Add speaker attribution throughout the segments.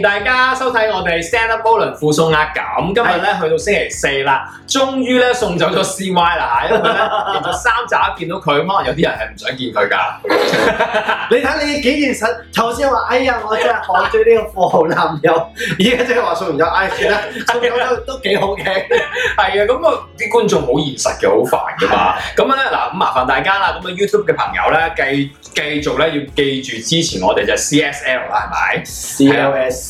Speaker 1: 大家收睇我哋 Stand Up Volun 附送啊！咁今日咧去到星期四啦，終於咧送走咗 CY 啦嚇，因為咧連續 三集見到佢，可能有啲人係唔想見佢噶。你睇你幾現實，頭先話哎呀，我真係好追呢個富豪男友，而家即係話送完咗，哎算啦，送完咗都幾 好嘅。係啊，咁我啲觀眾好現實嘅，好煩㗎嘛。咁咧嗱，咁麻煩大家啦，咁啊 YouTube 嘅朋友咧，繼繼續咧要記住支持我哋就 CSL 啦，係咪 CLS？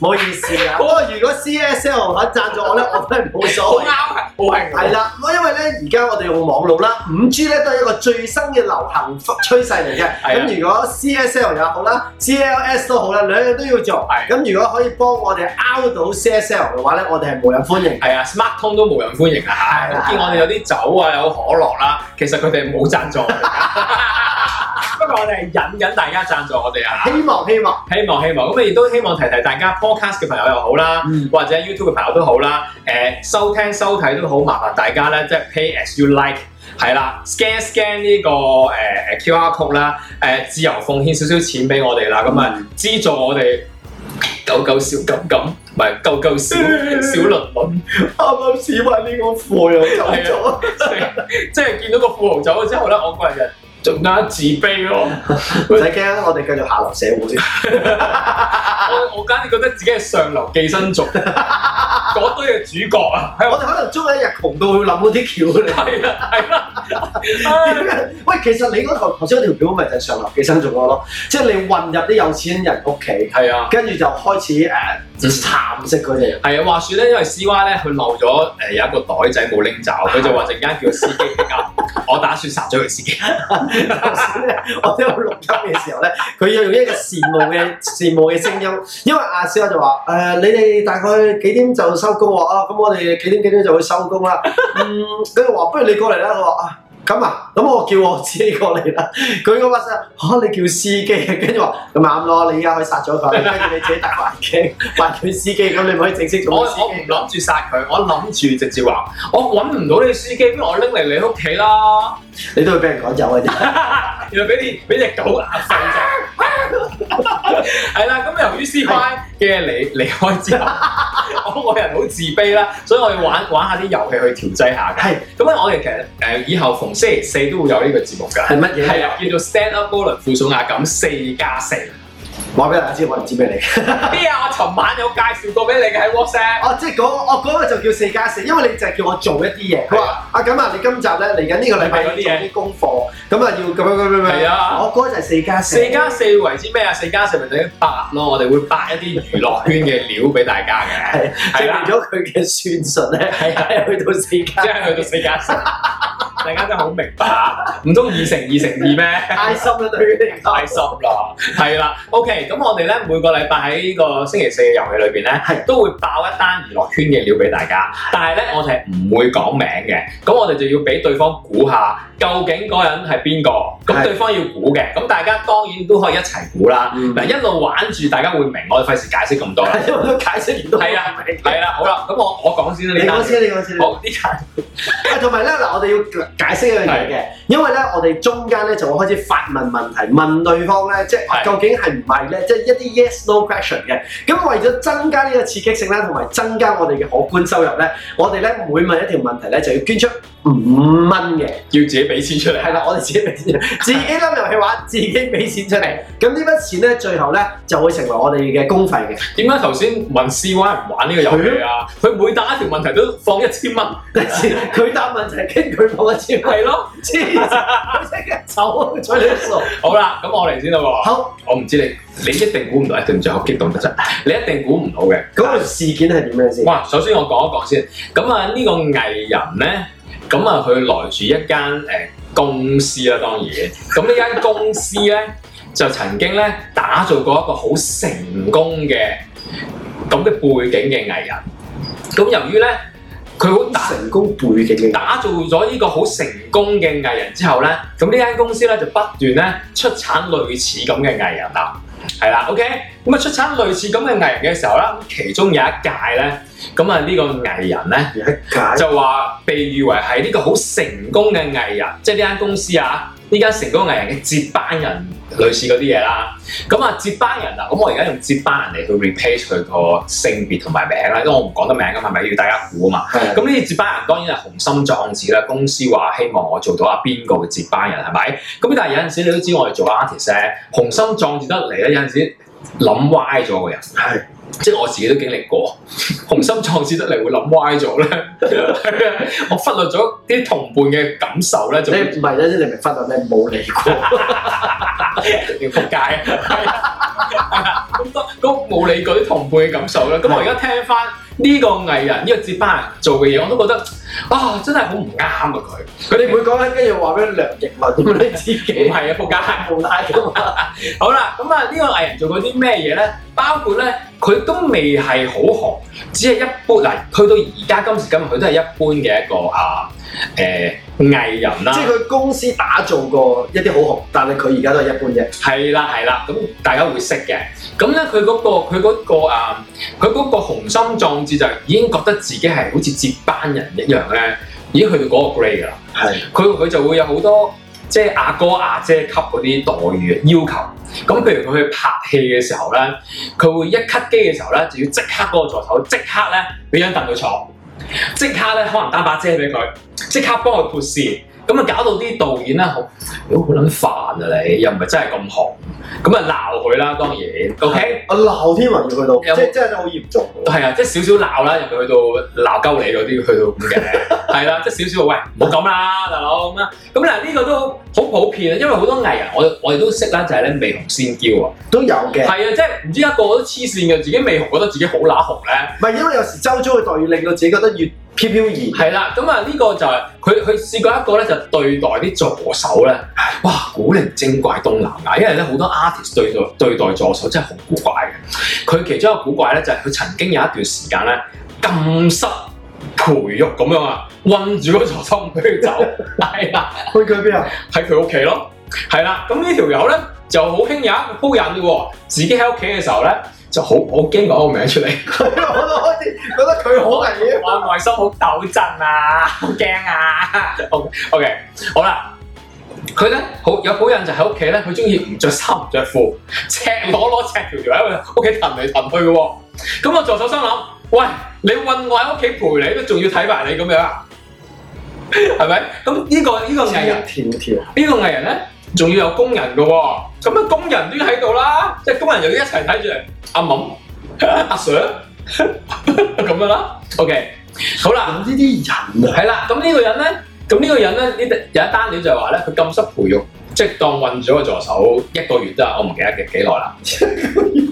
Speaker 1: 唔 好意思啊！好啊，如果 C S L 肯贊助我咧， 我真係冇所謂。好啱啊，係啦，咁因為咧，而家我哋用網絡啦，五 G 咧都係一個最新嘅流行趨勢嚟嘅。咁 如果 C S L 又好啦，C L S 都好啦，兩樣都要做。係，咁如果可以幫我哋 out 到 C S L 嘅話咧，我哋係冇人歡迎。係 啊，Smart 通都冇人歡迎啊！ 我見我哋有啲酒啊，有可樂啦，其實佢哋冇贊助。 我哋係引引大家贊助我哋啊！希望希望，希望希望，咁亦都希望提提大家，Podcast 嘅朋友又好啦、嗯，或者 YouTube 嘅朋友都好啦。誒，收聽收睇都好，麻煩大家咧，即係 Pay as you like，係啦，Scan Scan 呢個誒誒 QR code 啦，誒自由奉獻少少錢俾我哋啦，咁啊資助我哋九九小金金，唔係九九小小論文，啱啱始發呢個富豪走咗！即係見到個富豪走咗之後咧，我個人。仲加自卑咯，唔使驚， 我哋繼續下流社會 我。我我簡直覺得自己係上流寄生族，嗰堆。主角 啊！我哋可能終有一日窮到去諗到啲橋嚟。係啊！ 喂，其實你嗰頭頭先嗰條橋咪就係上流寄生族咯，即、就、係、是、你混入啲有錢人屋企。係啊，跟住就開始誒蠶食嗰啲人。係啊，話説咧，因為司威咧佢漏咗誒有一個袋仔冇拎走，佢、啊、就話陣間叫司機啱。 我打算殺咗佢司機。頭先咧，我喺度錄音嘅時候咧，佢要用一個羨慕嘅羨慕嘅聲音，因為阿司威就話誒、呃、你哋大概幾點就收工喎？咁、哦、我哋幾點幾點就會收工啦。嗯，佢話不如你過嚟啦。我話啊，咁啊，咁我叫我自己過嚟啦。佢嗰把聲，吓，你叫司機跟住話咁啱咯，你而家可以殺咗佢，跟 住你自己打環境，扮佢司機咁，你咪可以正式。我我唔諗住殺佢，我諗住直接話，我搵唔到你司機，不如我拎嚟你屋企啦。你都會俾人趕走嘅啫。 原來俾隻俾隻狗趕走。係啦，咁 由於 C Y 嘅離離開之後。 我個人好自卑啦，所以我要玩，玩玩下啲遊戲去調劑下。咁我哋其實以後逢星期四都會有呢個節目㗎。係乜嘢？係叫做 Stand Up Roland，附送阿感四加四。話俾大家知，我唔知咩嚟。邊 啊、哎？我尋晚有介紹過俾你嘅喺 WhatsApp。哦，即係嗰、那個，我嗰個就叫四加四，因為你就叫我做一啲嘢。佢話、啊：啊咁啊，你今集咧嚟緊呢個禮拜要做啲功課，咁啊要咁樣咁樣咁樣。係啊。我、哦、嗰、那個就係四加四。四加四為之咩啊？四加四咪等於八咯。我哋會八一啲娛樂圈嘅料俾大家嘅，證明咗佢嘅算術咧。係、啊、去到四加。係、就是、去到四加四。 大 家真係好明白，唔通二乘二乘二咩？太深啦，對於你太深啦，係啦、啊。 OK，咁我哋咧每個禮拜喺呢個星期四嘅遊戲裏邊咧，係都會爆一單娛樂圈嘅料俾大家。但係咧，我哋係唔會講名嘅。咁我哋就要俾對方估下，究竟嗰人係邊個？咁對方要估嘅。咁大家當然都可以一齊估啦。嗱、嗯，一路玩住，大家會明。我哋費事解釋咁多啦。解釋唔到都係啊，係啦。 好啦，咁我我講先啦。你講先，你講先。好、哦，啲人埋咧嗱，我哋要。解釋一樣嘢嘅，因為呢，我哋中間呢就會開始發問問題，問對方、啊、係係呢，即究竟係唔係呢？即係一啲 yes no question 嘅。咁為咗增加呢個刺激性啦，同埋增加我哋嘅可觀收入呢，我哋呢每問一條問題呢，就要捐出五蚊嘅，要自己俾錢出嚟。係啦，我哋自己俾錢出，自己攞遊戲玩， 自己俾錢出嚟。咁呢筆錢咧，最後咧就會成為我哋嘅公費嘅。點解頭先問 C Y 唔玩呢個遊戲啊？佢每打一條問題都放一千蚊。佢 答問題跟佢放一千嚟咯。黐線 即 刻走啊！吹你傻。好啦，咁我嚟先啦喎。好，我唔知你，你一定估唔到，一定最好激動得滯。你一定估唔到嘅。咁 個事件係點樣先？哇，首先我講一講先。咁啊，呢個藝人咧。咁啊，佢來住一間誒公司啦，當然。咁呢間公司咧，就曾經咧打造過一個好成功嘅咁嘅背景嘅藝人。咁由於咧，佢好成功背景嘅打造咗呢個好成功嘅藝人之後咧，咁呢間公司咧就不斷咧出產類似咁嘅藝人啦。係啦，OK，咁啊出產類似咁嘅藝人嘅時候啦，其中有一屆呢。咁啊呢個藝人呢，有一屆，就話被譽為係呢個好成功嘅藝人，即係呢間公司啊。呢間成功藝人嘅接，接班人，類似嗰啲嘢啦。咁啊，接班人啊，咁我而家用接班人嚟去 replace 佢個性別同埋名啦，因為我唔講得名㗎嘛，咪要大家估啊嘛。咁呢啲接班人當然係雄心壯志啦，公司話希望我做到啊邊個嘅接班人係咪？咁但係有陣時你都知我哋做 artist，雄心壯志得嚟啦，有陣時。諗歪咗嘅人，係即係我自己都經歷過，雄心壯志得嚟，會諗歪咗咧， 我忽略咗啲同伴嘅感受咧，就唔係咧，即係你，你忽略咩？冇理過，要扑街。 是的 咁多，冇理佢同輩嘅感受啦。咁我而家聽翻呢個藝人呢、呢個接班人做嘅嘢，我都覺得啊，真係好唔啱啊！佢佢哋會講緊，跟住話俾梁傑文點自己唔係啊，無間無拉嘅好啦，咁啊，呢個藝人做過啲咩嘢咧？包括咧，佢都未係好紅，只係一般。嗱，去到而家今時今日，佢都係一般嘅一個啊，誒、呃。藝人啦、啊，即係佢公司打造過一啲好紅，但係佢而家都係一般啫。係啦，係啦，咁大家會識嘅。咁咧、嗰個，佢嗰個、嗰個佢嗰啊，佢嗰個雄心壯志就已經覺得自己係好似接班人一樣咧，已經去到嗰個 grade 噶啦。係，佢佢就會有好多即係阿哥阿姐級嗰啲待遇要求。咁譬如佢去拍戲嘅時候咧，佢、嗯、會一 cut 機嘅時候咧，就要即刻嗰個助手即刻咧俾張凳佢坐。即刻呢，可能擔把遮俾佢，即刻幫佢咁啊，搞到啲導演咧，如果好撚煩啊你，又唔係真係咁紅，咁啊鬧佢啦，當然，OK，啊鬧天雲去到即係真係好嚴重、啊。係啊，即係少少鬧啦，又唔係去到鬧鳩你嗰啲，去到咁嘅。係 啦、啊，即係少少喂，唔好咁啦，大佬咁啦。咁嗱，呢個都好普遍啊，因為好多藝人，我我哋都識啦，就係咧未紅先驕啊，都有嘅。係啊，即係唔知一個個都黐線嘅，自己未紅覺得自己好乸紅咧。唔係因為有時周遭嘅待遇令到自己覺得越。P P 二，係啦，咁啊呢個就係佢佢試過一個呢，就對待啲助手呢，哇古靈精怪東南亞，因為呢好多 artist 對待對待助手真係好古怪嘅。佢其中一個古怪呢，就係、是、佢曾經有一段時間呢，禁室培育咁樣啊，困住個助手唔俾佢走。係 啊，去佢邊啊？喺佢屋企咯。係啦，咁呢條友呢，就好興有一個僕人嘅喎，自己喺屋企嘅時候呢。就我 我好好驚個名出嚟，我都開始覺得佢好危險，我的內心好抖震啊，好驚啊！OK OK，好啦，佢咧好有好人就喺屋企咧，佢中意唔着衫唔着褲，赤裸裸赤條條喺度屋企騰嚟騰去嘅喎、啊。咁我助手心諗，喂，你韞我喺屋企陪你，都仲要睇埋你咁樣，係 咪？咁呢、呢個呢、呢個藝人，呢、呢個藝人咧。仲要有工人嘅喎，咁啊工人都要喺度啦，即工人又要一齊睇住嚟。阿敏、啊，阿、啊、Sir，咁 樣啦。OK，好啦。咁呢啲人喎、啊。係啦，咁呢個人呢，咁呢個人呢有一單料就係話咧，佢撳濕培育。即當運咗個助手一個月都啦，我唔記得幾幾耐啦。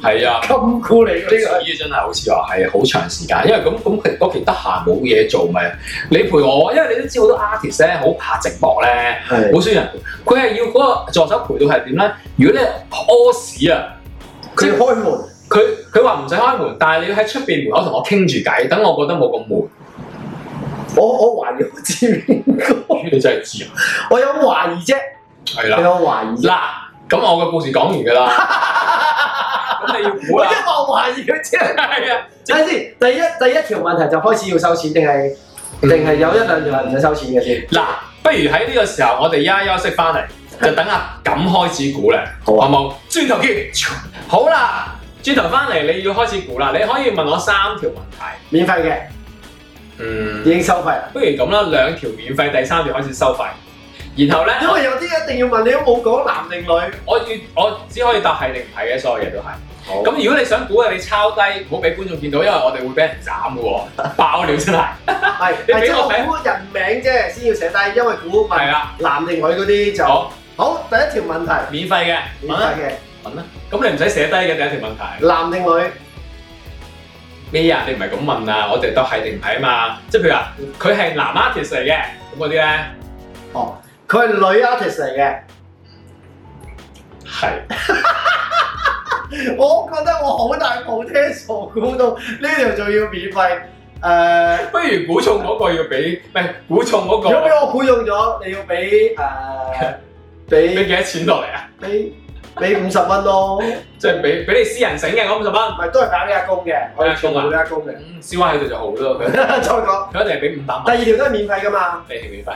Speaker 1: 係 啊，禁箍你呢、這個嘢真係好似話係好長時間，因為咁咁嗰期得閒冇嘢做咪？你陪我，因為你都知好多 artist 咧好怕寂寞咧，好少人陪佢係要嗰個助手陪到係點咧？如果你屙屎啊，佢開門，佢佢話唔使開門，但係你要喺出邊門口同我傾住偈，等我覺得冇咁悶。我我懷疑我知你真係知，我有懷疑啫。係你有懷疑嗱，咁我嘅故事講完㗎啦。你一望懷疑之後，係啊。睇下先，第一第一條問題就開始要收錢定係定係有一兩條唔使收錢嘅先？嗱，不如喺呢個時候我哋休休息翻嚟，就等下咁 開始估啦。好啊冇，轉頭見。好啦，轉頭翻嚟你要開始估啦。你可以問我三條問題，免費嘅。嗯。已經收費啦。不如咁啦，兩條免費，第三條開始收費。然後咧，因為有啲一定要問你都冇講男定女，我要我只可以答係定唔係嘅，所有嘢都係。好，咁如果你想估呀，你抄低，唔好俾觀眾見到，因為我哋會俾人斬嘅喎。 爆料出嚟。係， 你只要估人名啫，先要寫低，因為估問男定女嗰啲就好。好，第一條問題。免費嘅。免費嘅。問啦。咁你唔使寫低嘅第一條問題。男定女？咩呀？你唔係咁問啊？我哋答係定唔係啊嘛。即係譬如話，佢係男 artist 嚟嘅，咁嗰啲咧。哦。佢係女 artist 嚟嘅，係。 我覺得我好大部車坐估到，呢條仲要免費。誒、呃，不如估中嗰個要俾，唔、呃、係估中嗰、嗰個。如果我估中咗，你要俾誒，俾俾幾多錢落嚟啊？俾俾五十蚊咯。即係俾俾你私人整嘅嗰五十蚊，唔係都係打呢家工嘅，可以做呢家工嘅、啊，燒壞佢就就好多。再 講，佢一定係俾五百蚊。第二條都係免費㗎嘛？第二條免費。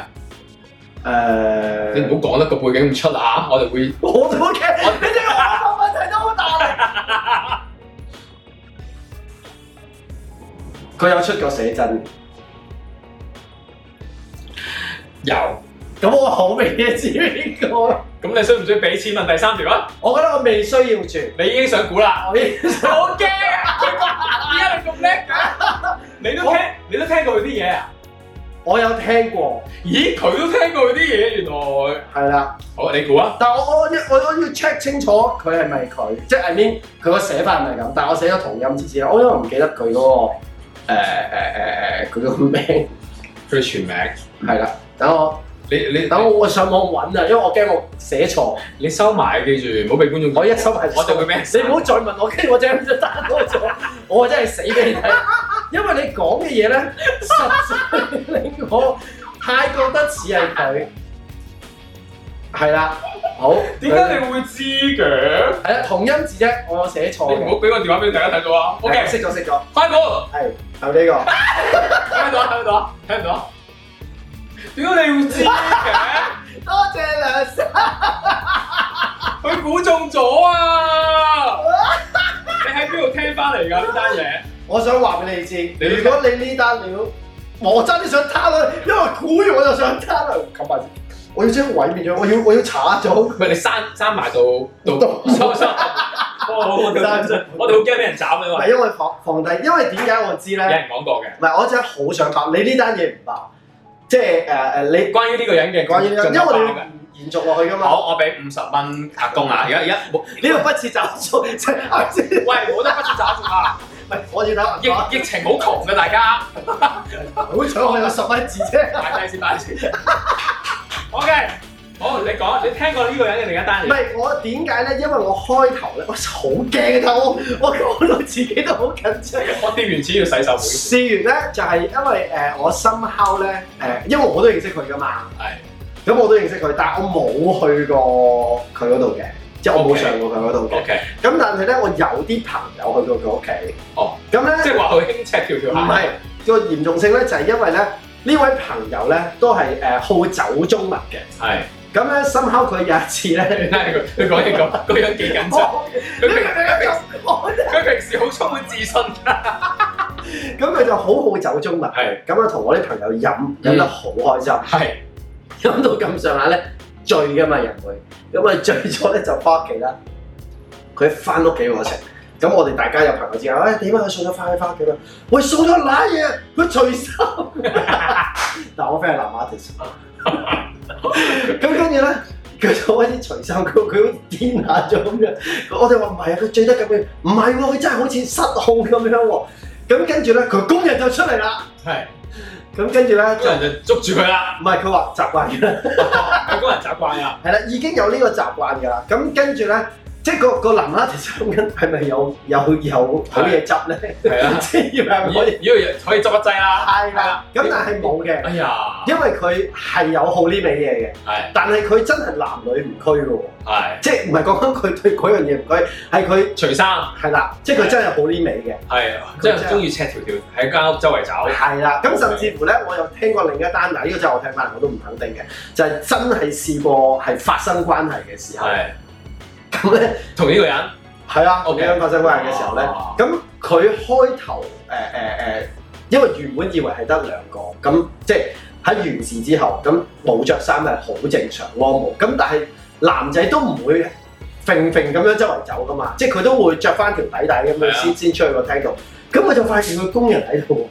Speaker 1: 誒、uh...，你唔好講得個背景唔出啦，我哋會，我都驚。你哋話一個問題都好大佢 有出過寫真，有。咁我好未知邊個？咁 你需唔需要俾錢問第三條啊？我覺得我未需要住。你已經想估啦，我驚，點 解害 你咁叻噶？你都聽，你都聽過佢啲嘢啊？我有聽過，咦，佢都聽過啲嘢，原來係啦。好，你估啊？但係我我我要 check 清楚佢係咪佢，即係 I mean 佢個寫法係咪咁？但係我寫咗同音字字，我因為唔記得佢嗰個誒誒誒佢個名，佢全名係啦，等我。你你等我上網揾啊，因為我驚我寫錯。你收埋啊，記住，唔好俾觀眾。我一收埋，我就會咩？你唔好再問我，跟住我將就打多咗。 我真係死俾你睇，因為你講嘅嘢咧，實在令我太覺得似係佢。係 啦，好。點解你會知嘅？係啊，同音字啫，我有寫錯。你唔好俾個電話俾大家睇到啊 OK，識咗識咗。下一、這個。係。 有呢個。睇唔到？睇唔到？睇唔到？點解你會知嘅？多 謝梁謝生你，佢 估中咗啊！ 你喺邊度聽翻嚟噶呢單嘢？ 我想話俾你知，如果你呢單料，我真係想貪啦，因為估完我就想貪啦，冚 埋。我要將位變咗，我要、 哦、 在到 我要查咗，唔係你刪，刪埋度，度收收。我我我哋我哋好驚俾人斬啊嘛。係因為放 放低，因為點解我知咧？有人講過嘅。唔係，我真係好想爆，你呢單嘢唔爆。即係誒誒，uh, 你關於呢個人嘅，因為要延續落去㗎嘛，嘛。好，我畀五十蚊客工啊！而家而家呢個不設找數，即係喂，我都不設找數啊！唔 係， 我要睇疫疫情好窮㗎， 大家好彩，我有十蚊紙啫，大劑先大劑。O K。 okay. 好、oh，你講，你聽過呢個人嘅另一單？唔係，我點解咧？因為我開頭咧，我好驚，到，我我講到自己都好緊張。 我掂完錢要洗手。試完咧，就係、是、因為誒、呃、我心口咧誒，因為我都認識佢噶嘛。係。咁我都認識佢，但係我冇去過佢嗰度嘅，即、okay, 係我冇上過佢嗰度 OK，咁但係咧，我有啲朋友去過佢屋企。哦。咁咧，即係話佢興赤條條。唔係，個嚴重性咧就係、是、因為咧呢這位朋友咧都係誒、呃、好酒中物嘅。係。咁咧，深口佢有一次咧，佢講嘢咁，嗰樣幾緊張。佢 平時好充滿自信。 咁佢 就好好酒中環。咁啊，同我啲朋友飲飲、嗯、得好開心。係飲到咁上下咧醉㗎嘛，人會。咁啊醉咗咧就翻屋企啦。佢翻屋企我食。咁我哋大家有朋友之知啊，點解佢送咗翻去翻屋企㗎？喂，送咗啲咩嘢？佢隨手！ 」 但我 friend fans ,係 男 a 佢 做一啲除衫，佢佢好似癲下咗咁樣，我哋話唔係啊，佢醉得咁樣，唔係喎，佢真係好似失控咁樣喎、啊，咁跟住咧佢工人就出嚟啦，係，咁跟住咧工人就捉住佢啦，唔係佢話習慣，個 工人習慣啊，係 啦，已經有個習慣的呢個習慣㗎啦，咁跟住咧。即係個、個男啦，其實咁緊係咪有有有好嘢執咧？係啊，即係要可以如果可以執個掣啦？係啦、啊，咁、啊啊、但係冇嘅。哎呀，因為佢係有好呢味嘢嘅。係、啊，但係佢真係男女唔拘嘅。係、啊，即係唔係講緊佢對嗰樣嘢唔拘，係佢除衫。係啦，即係佢真係好呢味嘅。係、啊，即係中意赤條條喺間屋周圍走。係啦、啊，咁甚至乎咧、啊，我又聽過另一單呢、呢個就係我聽翻我都唔肯定嘅，就係、係、真係試過係發生關係嘅時候。咁 咧，同呢個人係啊，我記得發生關係嘅時候咧，咁佢開頭誒誒誒，因為原本以為係得兩個，咁即係喺完事之後，咁冇着衫係好正常咯，冇。咁但係男仔都唔會揈揈咁樣周圍走噶嘛，即係佢都會着翻條底帶咁樣先先出去個廳度。咁我就發現個工人喺度，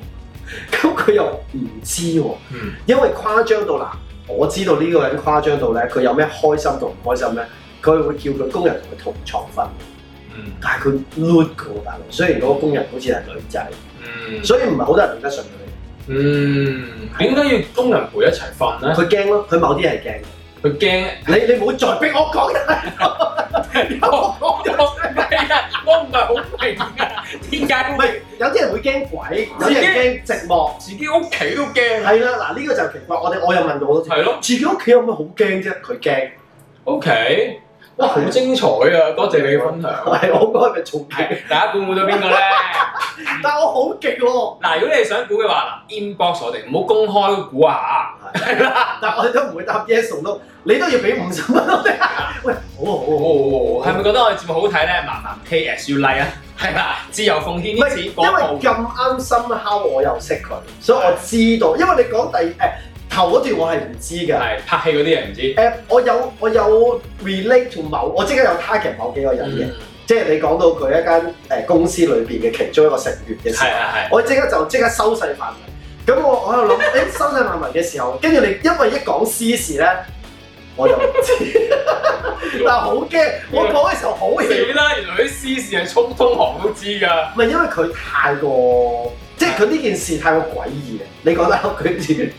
Speaker 1: 咁佢又唔知喎、啊嗯，因為誇張到嗱，我知道呢個人誇張到咧，佢有咩開心同唔開心咧？佢會叫個工人同佢同床瞓、嗯，但係佢攣㗎喎大佬。雖然嗰個工人好似係女仔，所以唔係好多人都得信佢。嗯，點解要工人陪一齊瞓咧？佢驚咯，佢某啲嘢係驚佢驚，你你唔好再逼我講啦！ 我我唔係好明啊，點 解？唔係有啲人會驚鬼，有啲人驚寂寞，自己屋企都驚。係啦，嗱、這、呢個就奇怪。我哋我又問咗好多次。係咯，自己屋企有咩好驚啫？佢驚。O K。哇，好精彩啊！多謝你分享。唔我講係咪從大家估估到邊個咧？ 但係我好勁喎！嗱，如果你係想估嘅話，嗱，inbox 我哋唔好公開估下。係啦， 但係我哋都唔會答 yes or no。你都要俾五十蚊咯。 喂，好好好好好，係咪、哦、覺得我哋節目好睇咧？慢慢，K S u l i k 啊？係啦、like，自由奉獻呢次廣告因為咁啱深敲，我又識佢，所以我知道，因為你講第誒。呃頭嗰段我係唔知㗎，拍戲嗰啲人唔知。誒、呃，我有我有 relate to 某，我即刻有 target 某幾個人嘅，嗯、即係你講到佢一間誒公司裏邊嘅其中一個成員嘅時候，是的是的我即刻就即刻收細範圍。咁我我喺度諗，誒、 哎、收細範圍嘅時候，跟住你因為一講私事咧，我就唔知， 但係好驚，我講嘅時候好驚。死啦！原來啲私事係通通行都知㗎。唔係因為佢太過。佢呢件事太過詭異嘅，你覺得有佢啲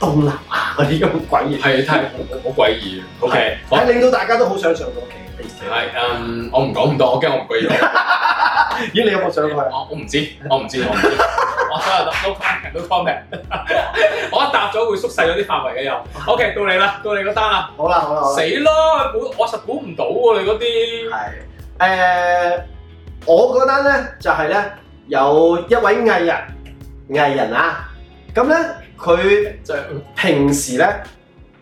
Speaker 1: 東南亞嗰啲咁詭異？係，太、OK，好，好詭異。O K，係令到大家都好想像到企，係、OK，嗯，我唔講唔多，我驚我唔詭異。咦、 欸？你有冇上去我我唔知，我唔知，我唔知。我睇下得都，大家都 comment、no。No、 我一答咗會縮細咗啲範圍嘅又。 o、OK, K，到你啦，到你個單啦。好啦，好啦，死咯！估我，我實估唔到喎，你嗰啲。係。誒，我嗰單咧就係、是、咧。有一位藝人，藝人啊，咁咧佢就平時咧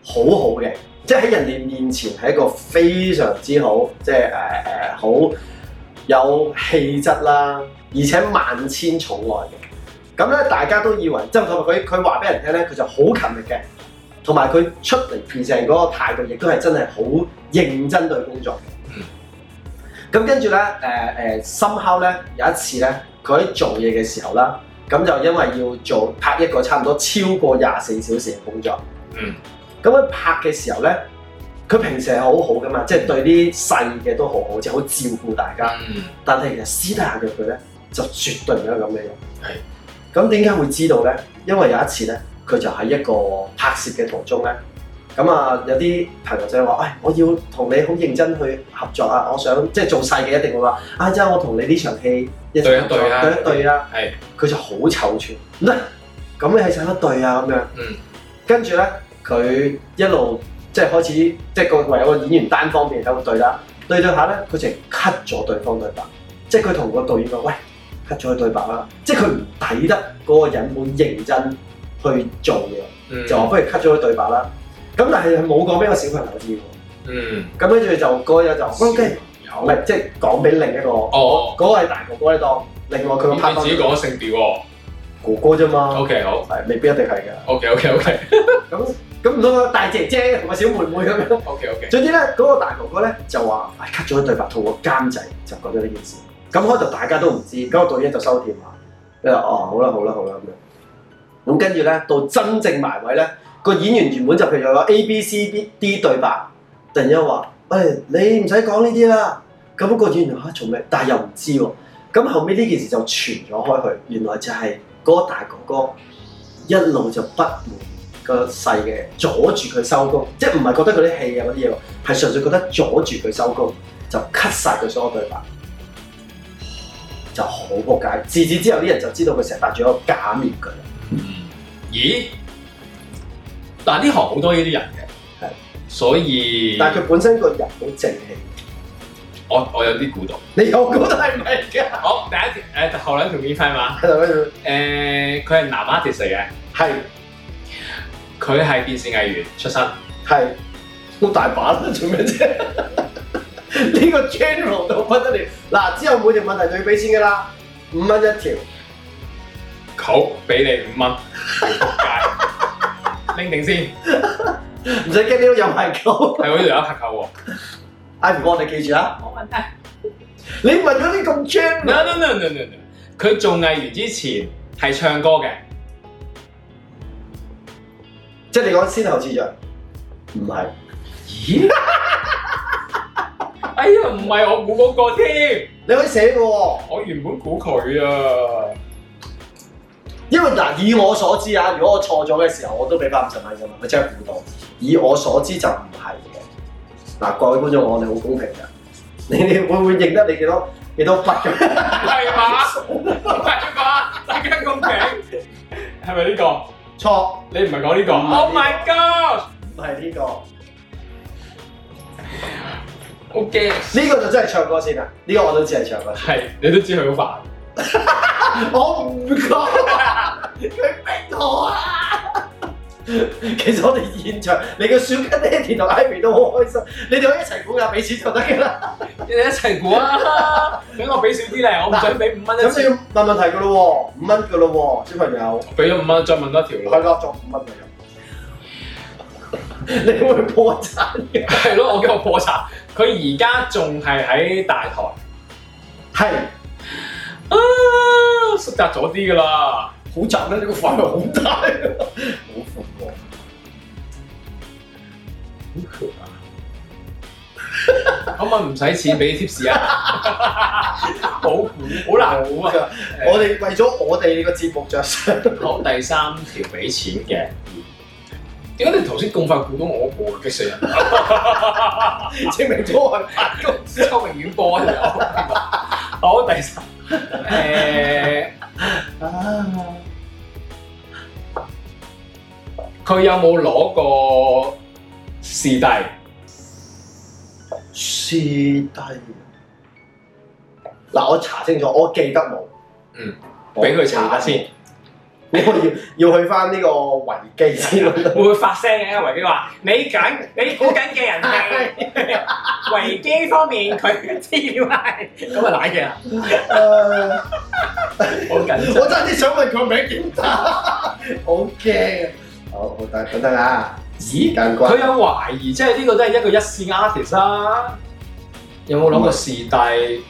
Speaker 1: 好好嘅，即係喺人哋面前係一個非常之好，即係誒誒好有氣質啦，而且萬千寵愛嘅。咁咧大家都以為，即係佢佢話俾人聽咧，佢就好勤力嘅，同埋佢出嚟完成嗰個態度，亦都係真係好認真對工作嘅。咁跟住咧誒誒，深秋咧有一次咧。佢喺做嘢嘅時候啦，咁就因為要做拍一個差唔多超過廿四小時嘅工作，嗯，咁佢拍嘅時候呢，佢平時係好好㗎嘛，即、嗯、係、就是、對啲細嘅都好好，即係好照顧大家。嗯、但係其實私底下嘅佢呢，就絕對唔係咁嘅人。係，咁點解會知道呢？因為有一次呢，佢就喺一個拍攝嘅途中呢，咁啊有啲朋友仔話：哎，我要同你好認真去合作、就是、啊，我想即係做細嘅一定會話，哎，即係我同你呢場戲。一,起一,起一對一對啦，係佢就好醜寸，嗱咁你係生一對啊咁樣，嗯，跟住咧佢一路即係開始，即係個唯有個演員單方面喺度對啦，對對下咧佢就 cut 咗對方對白，即係佢同個導演講喂 cut 咗佢對白啦，即係佢唔抵得嗰個人冇認真去做嘢、嗯，就話不如 cut 咗佢對白啦，咁但係冇講俾個小朋友知喎，嗯，咁跟住就嗰日就、哦、OK。即係講俾另一個。哦，嗰、嗰個係大哥哥，當另外佢嘅拍檔你自己講性別喎，嗰個、係哥哥啫嘛。嗰個嗰個、o、OK, K，好，係未必一定係嘅。O K，O K，O K。咁咁唔到個大姐姐同個小妹妹咁樣。O K，O K。總之咧，嗰個大哥哥咧就話，cut 咗對白同個監製，就講咗呢件事。咁開頭大家都唔知，咁個導演就收電話，因為哦，好啦，好啦，好啦咁樣。咁跟住咧，到真正埋位咧，嗰個演員原本就譬如有 A、B、C、B、D 對白，突然間話。喂、哎，你唔使講呢啲啦。咁個演員嚇做咩？但係又唔知喎。咁後尾呢件事就傳咗開去，原來就係嗰個大哥哥一路就不滿個細嘅，阻住佢收工，即係唔係覺得嗰啲戲啊啲嘢喎，係純粹覺得阻住佢收工，就 cut 曬佢所有對白，就好撲街。自此之後，啲人就知道佢成日戴住一個假面具。嗯、咦？但係呢行好多呢啲人嘅。所以，但係佢本身個人好正氣，我我有啲估到，你又估到係咪嘅？ 好，第一段誒，呃、 後兩條變態嘛，跟住誒，佢係男 artist 嚟嘅，係，佢係電視藝員出身，係，好大把做咩啫？呢 個 general 到不得了嗱，之後每條問題就要俾錢噶啦，五蚊一條，好，俾你五蚊，拎 定好 掉先。 唔使驚呢度又係狗，係我呢度有黑狗喎。哎，唔哥，你記住啊，冇問題。你問到啲咁專？唔係，唔係，唔係，唔係，唔係，佢做藝員之前係唱歌嘅，即係你講先後次序。唔係。咦、yeah? 哎？哎呀，唔係我估嗰個添，你可以寫嘅喎。我原本估佢啊。因為嗱、啊，以我所知啊，如果我錯咗嘅時候，我都俾翻五十米啫嘛，我真係估到。以我所知就唔係嘅。嗱、啊，各位觀眾，我哋好公平㗎，你哋會唔會認得你幾多幾多筆咁？係嘛、啊？ 大家公平，係咪呢個錯？你唔係講呢個？Oh my god！唔係呢個。OK，呢個就真係唱歌先啊！呢、呢個我都只係唱歌，係，你都知佢好煩。 我唔講，佢 逼我啊！ 其實我哋現場，你個小吉爹哋同 Amy 都好開心，你哋可以一齊估噶，俾錢就得噶啦， 你哋一齊估啊！俾 我俾少啲嚟，我唔想俾五蚊一次。咁你要問，問題噶咯喎，五蚊噶咯喎，小朋友。俾咗五蚊，再問多條咯。係啦，再五蚊嚟嘅。 你會破產㗎？係 咯，我驚我破產。佢而家仲係喺大台，係。啊！縮窄咗啲噶啦，好窄咧！呢、這個範圍好大猜，好 估啊，好估啊！可唔可以唔使錢俾貼士啊？好估，好難估啊！我哋為咗我哋個節目着想。 好，第三條俾錢嘅，點 解你頭先咁快估到我過嘅，必須人？清明波，清 明雨波啊！ 好，第三。誒，佢有冇攞過視帝？視帝嗱，我查清楚，我記得冇。嗯，俾佢查下先。你要要去翻呢個維基先咯。會發聲嘅，維基話你緊你好緊嘅人係維基方面，佢先係咁啊！賴嘅啦。好緊張我真係想問佢名點啫。好驚啊！好好得等得啦。咦？但佢有懷疑，即係呢個都係一個一線 artist 啊？有冇攞過、嗯呃、視帝？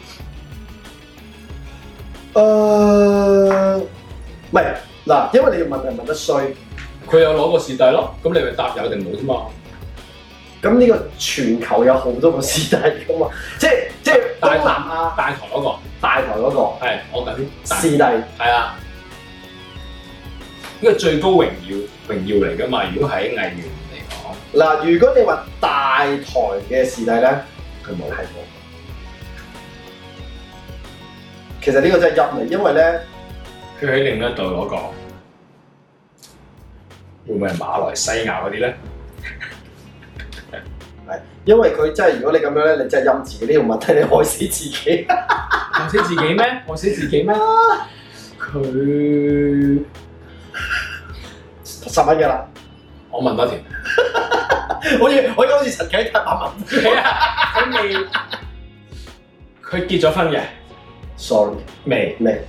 Speaker 1: 誒，唔嗱，因為你要問人問得衰，佢有攞過視帝咯，咁你咪答有定冇啫嘛？咁呢個全球有好多個視帝嘅嘛，即即係東南亞，大台嗰個大台嗰個，係我講緊視帝係啊，呢個最高榮耀榮耀嚟㗎嘛！如果喺藝員嚟講，嗱，如果你話大台嘅視帝咧，佢冇係冇，其實呢個真係入嚟，因為咧佢喺另一度攞過。會唔會係馬來西亞嗰啲咧？係， 因為佢真係，如果你咁樣咧，你真係任自己呢樣問題，你害死自己， 害死自己，害死自己咩？害死自己咩？佢 十蚊噶啦，我問 我多條，可以可以好似十太白百蚊，係 啊，咁你佢結咗婚嘅？Sorry，未未。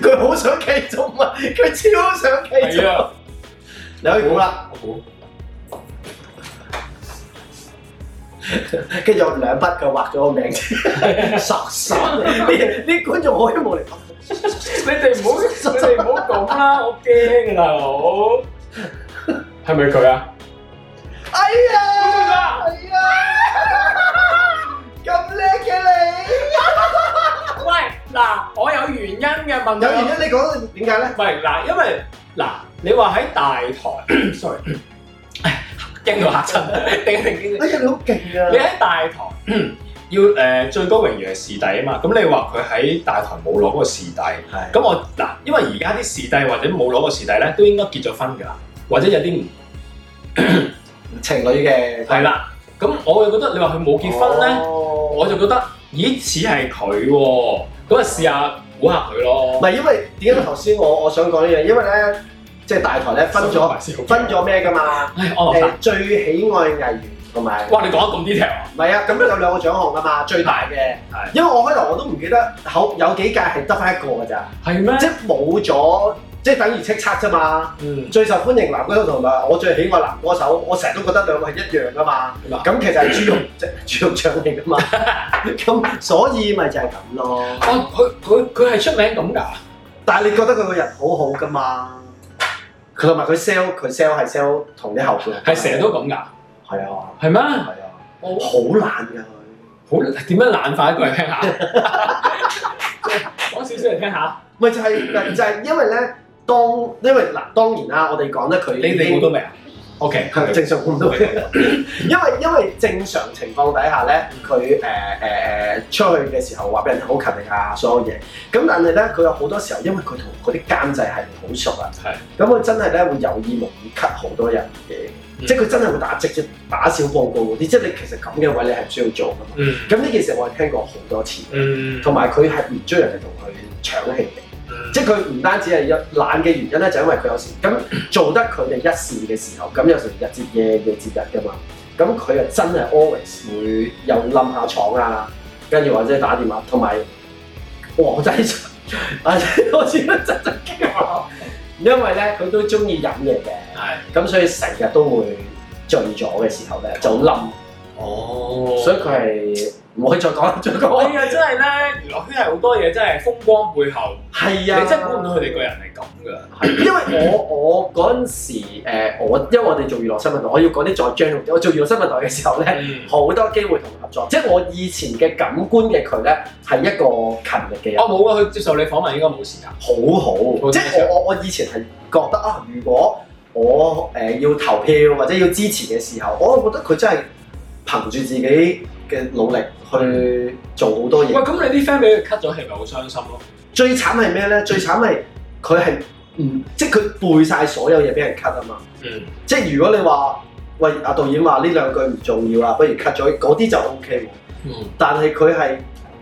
Speaker 1: 佢好想繼續啊！佢超想繼續。你可以講啦，講。跟住有兩筆，佢畫咗個名，傻傻。啲啲觀眾可以無理拍。你哋唔好，你哋唔好講啦，我驚啊大佬。係咪佢啊？嗱，我有原因嘅問題，有原因你講到點解咧？喂，嗱，因為嗱，你話喺大台，sorry，驚 到嚇親，叮叮叮！哎呀，你好勁啊！你喺大台要誒、呃、最高榮譽係視帝啊嘛，咁你話佢喺大台冇攞嗰個視帝，咁我嗱，因為而家啲視帝或者冇攞個視帝咧，都應該結咗婚㗎，或者有啲唔 情侶嘅，係啦。咁我就覺得你話佢冇結婚咧、哦，我就覺得咦，似係佢。嗰日試下估下佢咯。唔係，因為點解頭先我我想講呢樣？因為咧，即係大台咧分咗分咗咩噶嘛？誒、 呃，最喜愛藝員同埋。哇！你講得咁 detail 啊？唔係啊，咁有兩個獎項噶嘛，最大嘅。係，因為我開頭我都唔記得，好有幾屆係得翻一個㗎咋。係咩？即係冇咗。即係等於叱咤啫嘛，嗯，最受歡迎男歌手同埋我最喜愛男歌手，我成日都覺得兩個係一樣噶嘛。咁其實係豬肉啫，豬肉腸嚟噶嘛。咁 所以咪就係咁咯。佢佢佢係出名咁㗎？但係你覺得佢個人好好㗎嘛？佢同埋佢 sell 佢 sell 係 sell 同啲後輩係成日都咁㗎？係啊。係咩？係啊。好懶㗎佢。好點樣懶 點樣懶法？一個嚟聽下。講少少嚟聽下。咪就係就係因為咧。 當因為嗱當然啦，我哋講得佢，你你估到未啊？O K，係正常估唔到。因為因為正常情況底下咧，佢誒誒誒出去嘅時候話俾人好勤力啊，所有嘢。咁但係咧，佢有好多時候，因為佢同嗰啲監製係好熟啊。係。咁佢真係咧會有意無意吸好多人嘅、嗯，即係佢真係會打直接打小報告嗰啲、嗯。即係你其實咁嘅位，你係唔需要做噶嘛。嗯。咁呢件事我係聽過好多次。同埋佢係唔追人哋同佢搶戲。即係佢唔單止係一懶嘅原因咧，就因為佢有時咁做得佢哋一線嘅時候，咁有時日接夜嘅節日㗎嘛，咁佢就真係 always 會又冧下廠啊，跟住或者打電話，同埋黃仔，我知啦，真真驚啊！因為咧佢都中意飲嘢嘅，咁所以成日都會醉咗嘅時候咧就冧。哦，所以佢係。唔可以再講，再講。哎呀、啊，真係咧！娛樂圈係好多嘢，真係風光背後係啊，你真係估唔到佢哋個人係咁噶。因為我我嗰陣時、呃、我因為我哋做娛樂新聞台，我要講啲再 general。我做娛樂新聞台嘅時候咧，好、嗯、多機會同佢合作。即、就、係、是、我以前嘅感官嘅佢咧，係一個勤力嘅人。我冇啊，佢、啊、接受你訪問應該冇時間。好好，即係、就是、我我我以前係覺得啊，如果我誒要投票或者要支持嘅時候，我覺得佢真係憑住自己嘅努力。去做好多嘢、嗯嗯。喂，咁你啲 friend 俾佢 cut 咗，係咪好傷心咯？最慘係咩咧？最慘係佢係唔即係佢背晒所有嘢俾人 cut 啊嘛。嗯。即係如果你話喂阿導演話呢兩句唔重要啊，不如 cut 咗嗰啲就 O K 喎。嗯。但係佢係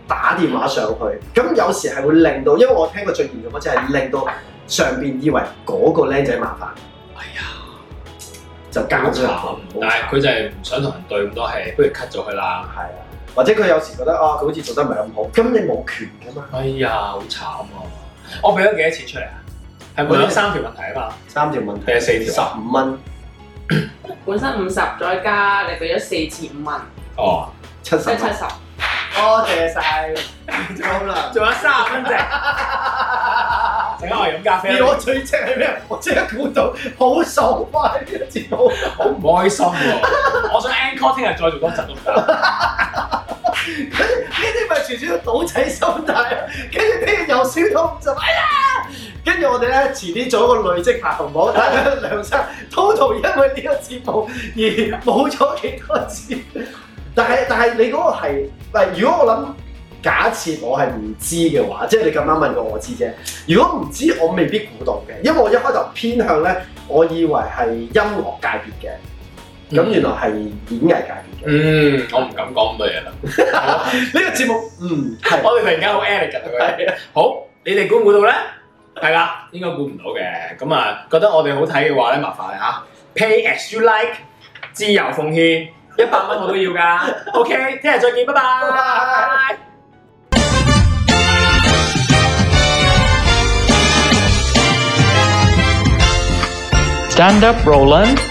Speaker 1: 打電話上去，咁、嗯、有時係會令到，因為我聽過最嚴重嗰次係令到上面以為嗰個靚仔麻煩。哎呀，就交咗。但係佢就係唔想同人對咁多戲、嗯、不如 cut 咗佢啦。係啊。或者佢有時覺得啊，佢好似做得唔係咁好，咁你冇權㗎嘛？哎呀，好慘啊！我俾咗幾多錢出嚟啊？係咪有三條問題啊嘛，三條,條問題，十五蚊。本身五十再加，你俾咗四千五蚊。哦，七十。七十。多謝晒！好啦，仲有三十蚊啫。請我飲咖啡。而我最正係咩？我即刻估到，好爽快，好唔開心喎、啊！ 我想 encore，聽日再做多集。 呢啲咪完全賭仔心態，跟住啲嘢又燒通就哎呀！跟住我哋咧遲啲做一個累積排行榜，睇梁生 total 因為呢個節目而冇咗幾多次， 但係但係你嗰個係如果我諗假設我係唔知嘅話，即係你咁啱問過我知啫。如果唔知，我未必估到嘅，因為我一開頭偏向咧，我以為係音樂界別嘅。咁、嗯、原來係演藝界嘅。嗯，我唔敢講咁多嘢啦。 呢、呢個節目，嗯，我哋突然間好 elegant 㗎。係啊，好，你哋估唔估到咧？係啦，應該估唔到嘅。咁啊，覺得我哋好睇嘅話咧，麻煩嚇、啊、pay as you like，自由奉獻，一百蚊我都要㗎。 OK，聽日再見，拜拜。Stand up, Roland.